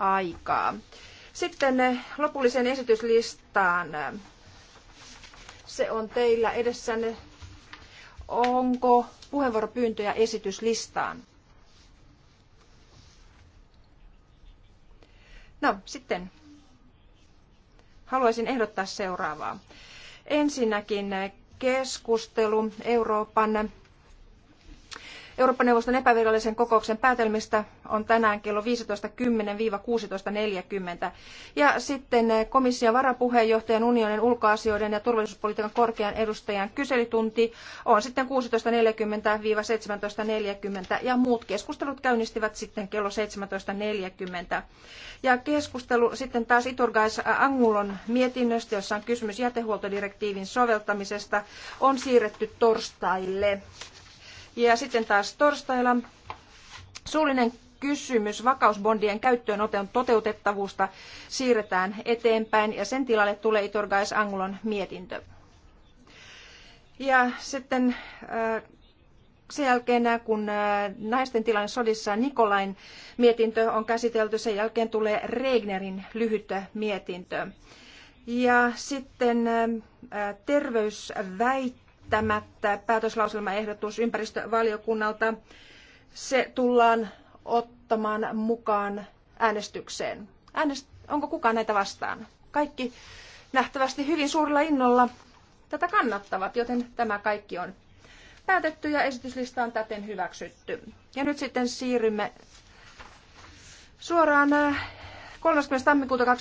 aikaa. Sitten lopulliseen esityslistaan. Se on teillä edessänne. Onko puheenvuoropyyntöjä esityslistaan? No, sitten haluaisin ehdottaa seuraavaa. Ensinnäkin keskustelu Euroopan Euroopan neuvoston epävirallisen kokouksen päätelmistä on tänään kello 15.10-16.40. Ja sitten eh, komission varapuheenjohtajan unionin ulkoasioiden ja turvallisuuspolitiikan korkean edustajan kyselytunti on sitten 16.40-17.40 ja muut keskustelut käynnistivät sitten kello 17.40. Ja keskustelu sitten taas Iturgais eh, Angulon mietinnöstä, jossa on kysymys jätehuoltodirektiivin soveltamisesta, on siirretty torstaille ja sitten taas torstaina suullinen kysymys vakausbondien käyttöönoton toteutettavuusta siirretään eteenpäin ja sen tilalle tulee Itorgais Angulon mietintö. Ja sitten äh, sen jälkeen, äh, kun äh, naisten tilanne sodissa Nikolain mietintö on käsitelty, sen jälkeen tulee Regnerin lyhyt mietintö. Ja sitten terveysväitteet tämä päätöslauselmaehdotus ympäristövaliokunnalta, se tullaan ottamaan mukaan äänestykseen. Äänest... Onko kukaan näitä vastaan? Kaikki nähtävästi hyvin suurella innolla tätä kannattavat, joten tämä kaikki on päätetty ja esityslista on täten hyväksytty. Ja nyt sitten siirrymme suoraan 30. Äh, tammikuuta